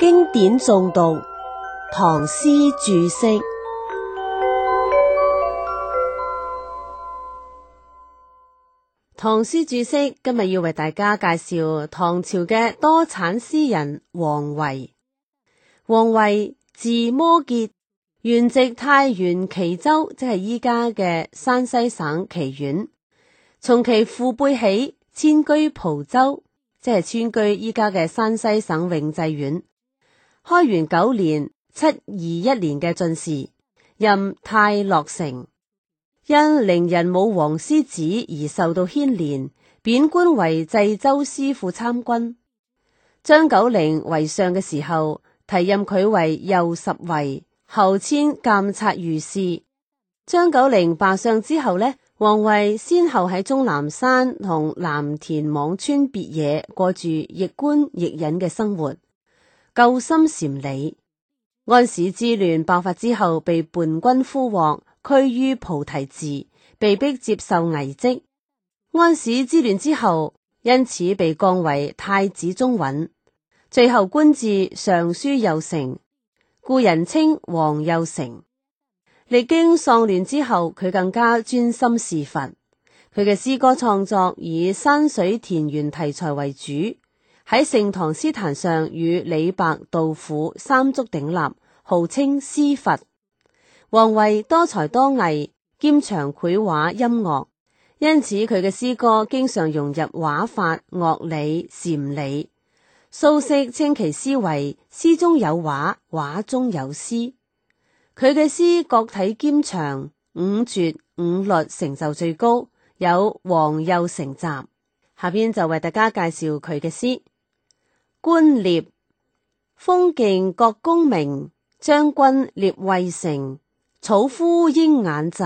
經典誦讀，唐詩注釋。唐詩注釋今日要為大家介紹唐朝嘅多產詩人王維。王維字摩詰，原籍太原祁州，即係依家嘅山西省祁縣。從其父輩起，遷居蒲州，即係遷居依家嘅山西省永濟縣。開元九年（七二一年）嘅進士，任太樂丞，因伶人舞黃獅子而受到牽連，貶官為濟州司傅參軍。張九齡為相嘅時候，提任佢為右拾遺，後遷監察御史。張九齡罷相之後呢，王維先後喺終南山同藍田辋川別野過住亦官亦隱嘅生活。救心禪理，安史之亂爆發之後，被叛軍俘獲，拘於菩提寺，被逼接受偽職。安史之亂之後，因此被降為太子中允，最後官至尚書右丞，故人稱王右丞。歷經喪亂之後，佢更加專心事佛。佢嘅詩歌創作以山水田園題材為主。喺盛唐詩壇上與李白、杜甫三足鼎立，號稱詩佛。王維多才多藝，兼長繪畫、音樂，因此佢嘅詩歌經常融入畫法、樂理、禪理。蘇軾稱其詩為詩中有畫，畫中有詩。佢嘅詩各體兼長五絕、五律，成就最高，有《王右成集》王右丞集。下邊就為大家介紹佢嘅詩。觀獵，風勁角弓鳴，將軍獵渭城，草枯鷹眼疾，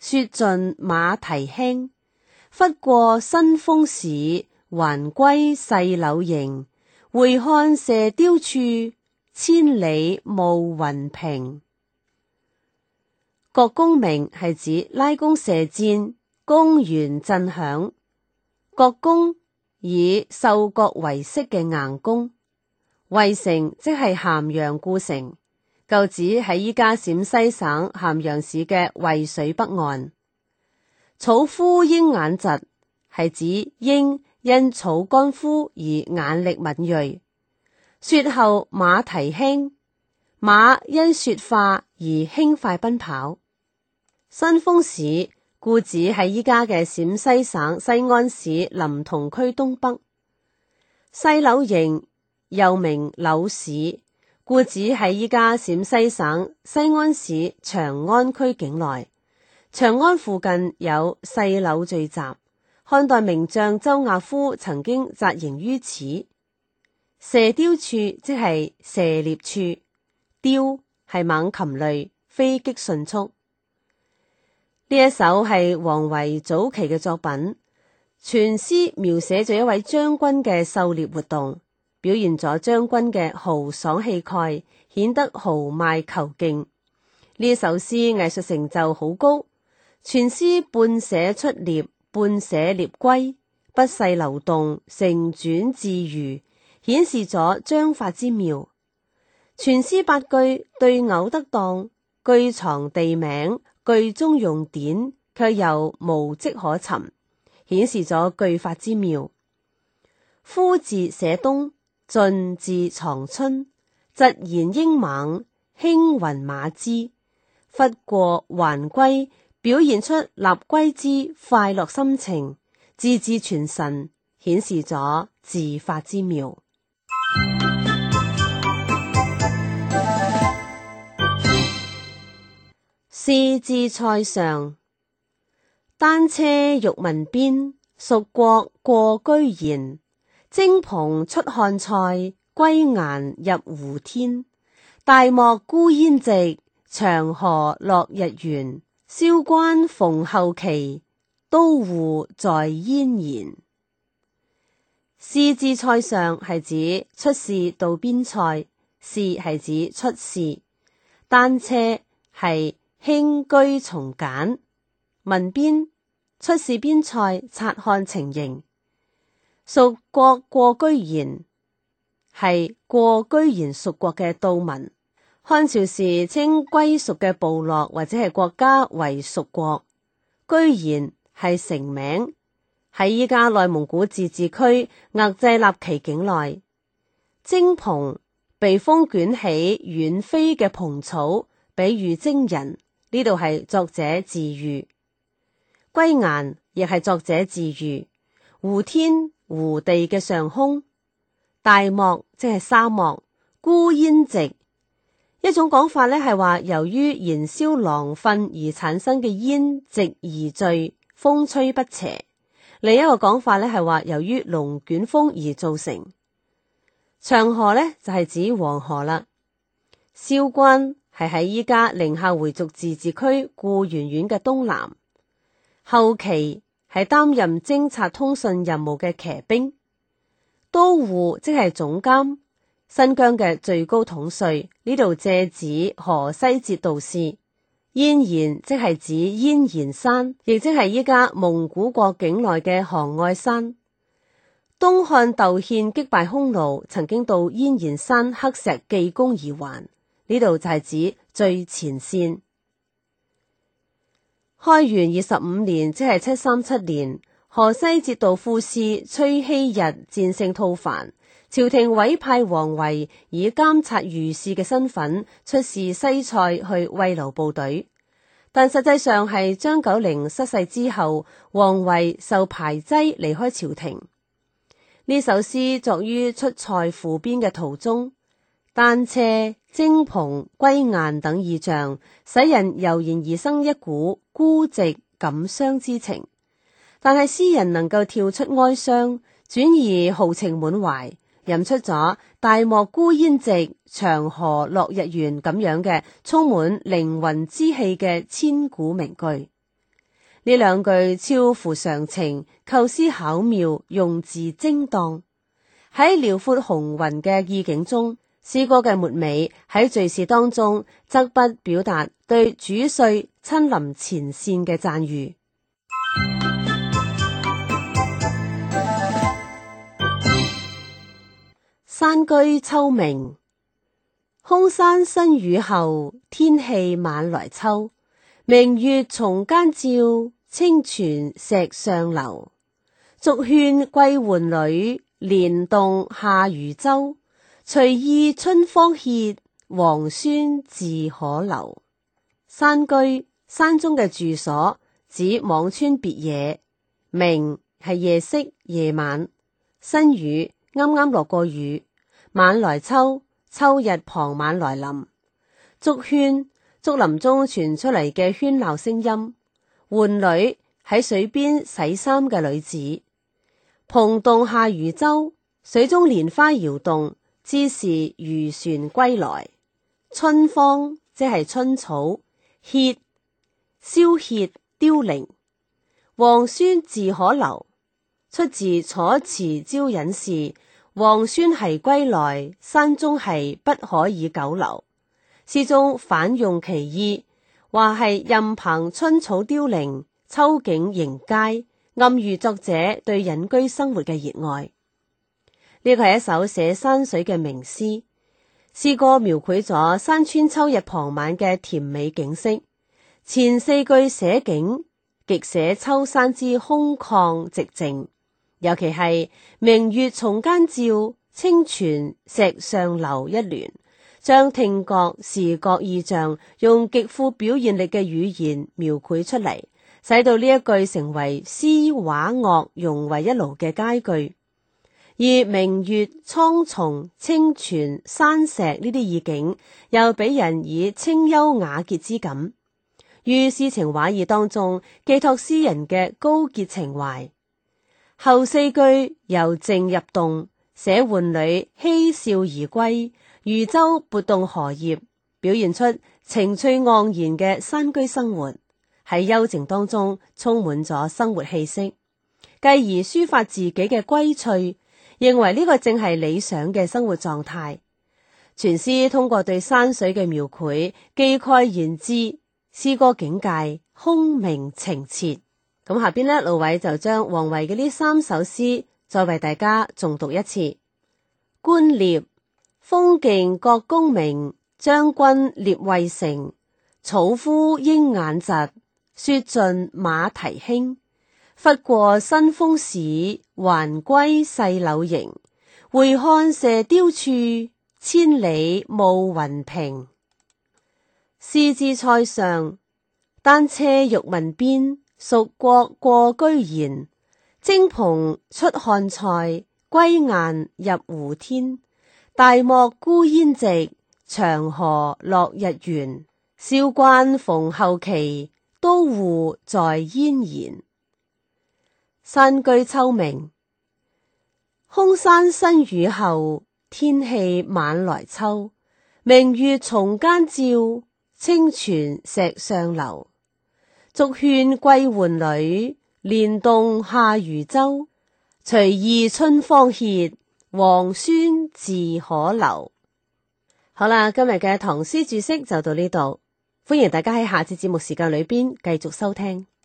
雪盡馬蹄輕。忽過新豐市，還歸細柳營。回看射雕處，千里暮雲平。角弓鳴係指拉弓射箭，弓弦震響。角弓。以獸角為飾嘅硬弓，渭城即係咸陽故城，舊址喺依家陝西省咸陽市嘅渭水北岸。草枯鷹眼疾，係指鷹因草乾枯而眼力敏銳。雪後馬蹄輕，馬因雪化而輕快奔跑。新豐市。故址喺依家嘅陝西省西安市臨潼區東北。細柳營，又名柳市。故址喺依家陝西省西安市長安區境內，長安附近有細柳聚集。漢代名將周亞夫曾經紮營於此。射雕處即係射獵處，雕係猛禽類，飛擊迅速。呢一首係王維早期嘅作品，全詩描寫咗一位將軍嘅狩獵活動，表現咗將軍嘅豪爽氣概，顯得豪邁遒勁。呢一首詩藝術成就好高，全詩半寫出獵，半寫獵歸，不世流動，成轉自如，顯示咗章法之妙。全詩八句對偶得當，句藏地名。句中用典卻又無迹可尋，顯示咗句法之妙。夫字寫冬，盡字藏春，疾言英猛，輕雲馬之忽過還歸，表現出立歸之快樂心情，字字傳神，顯示咗字法之妙。《使至塞上》，單車欲問邊，屬國過居延，征蓬出漢塞，歸雁入胡天。大漠孤煙直，長河落日圓。蕭關逢候騎，都護在燕然。使至塞上係指出使到邊塞，使係指出使，單車係。輕居從簡，問邊，出使邊塞，察看情形。屬國過居延係過居延屬國嘅倒文。漢朝時稱歸屬嘅部落或者係國家為屬國。居延係城名，喺依家內蒙古自治區額濟納旗境內。征蓬，被風捲起遠飛嘅蓬草，比喻征人。呢度係作者自喻，歸雁亦係作者自喻。湖天湖地嘅上空，大漠即係沙漠，孤煙直。一種講法咧，係話，由於燃燒狼糞而產生嘅煙直而聚，風吹不斜。另一個講法咧，係話，由於龍捲風而造成。長河咧就係指黃河啦，蕭關，係喺依家寧夏回族自治區固原縣嘅東南。後期係擔任偵察通訊任務嘅騎兵。都護即係總監，新疆嘅最高統帥。呢度借指河西節度使，燕然即係指燕然山，亦即係依家蒙古國境內嘅杭愛山。東漢竇憲擊敗匈奴，曾經到燕然山刻石記功而還。呢度就係指最前線。開元二十五年，即係七三七年，河西節度副使崔希日戰勝吐蕃，朝廷委派王維以監察御史嘅身份出使西塞去慰勞部隊，但實際上係張九齡失勢之後，王維受排擠離開朝廷。呢首詩作於出塞赴邊嘅途中。單車、徵蓬、歸雁等意象，使人油然而生一股孤寂感傷之情。但係詩人能夠跳出哀傷，轉而豪情滿懷，吟出咗大漠孤煙直，長河落日圓咁樣嘅充滿靈魂之氣嘅千古名句。呢兩句超乎常情，構思巧妙，用字精當，喺遼闊雄渾嘅意境中。詩歌嘅末尾喺敘事當中，則不表達對主帥親臨前線嘅讚譽。山居秋暝，空山新雨後，天氣晚來秋。明月松間照，清泉石上流。竹喧歸浣女，蓮動下漁舟。隨意春芳歇，王孫自可留。山居，山中嘅住所，指輞川別野。明係夜色、夜晚，新雨，啱啱落過雨，晚來秋，秋日傍晚來臨。竹圈，竹林中傳出嚟嘅喧鬧聲音。浣女，喺水邊洗衫嘅女子。蓬動下漁舟，水中蓮花搖動。之是漁船歸來，春芳即係春草，歇消歇凋零。王孫自可留，出自《楚辭招隱士》。王孫係歸來，山中係不可以久留。詩中反用其意，話係任憑春草凋零，秋景仍佳，暗喻作者對隱居生活嘅熱愛。呢個係一首寫山水嘅名詩，詩歌描繪咗山村秋日傍晚嘅甜美景色。前四句寫景，極寫秋山之空曠寂靜，尤其係明月松間照，清泉石上流一聯，將聽覺、視覺意象用極富表現力嘅語言描繪出嚟，使到呢一句成為詩、畫、樂融為一爐嘅佳句。而明月、蒼松、清泉、山石呢啲意境，又俾人以清幽雅潔之感，於詩情畫意當中寄託詩人嘅高潔情懷。後四句由靜入動，寫浣女嬉笑而歸，漁舟撥動荷葉，表現出情趣盎然嘅山居生活。喺幽靜當中，充滿咗生活氣息，繼而抒發自己嘅歸趣。認為呢個正係理想嘅生活狀態。全詩通過對山水嘅描繪，概括言之，詩歌境界空明澄澈。咁下邊呢，老偉就將王維嘅呢三首詩再爲大家重讀一次。觀獵，風勁角弓鳴，將軍獵渭城。草枯鷹眼疾，雪盡馬蹄輕。忽過新豐市，還歸細柳營，回看射雕處，千里暮雲平。詩至塞上，單車欲問邊，屬國過居延。征蓬出漢塞，歸雁入胡天。大漠孤煙直，長河落日圓。蕭關逢候騎，都護在燕然。山居秋暝，空山新雨後，天氣晚來秋。明月松間照，清泉石上流。竹喧歸浣女，蓮動下漁舟。隨意春芳歇，王孫自可留。好啦，今日嘅唐詩注釋就到呢度，歡迎大家喺下次節目時間裏邊繼續收聽。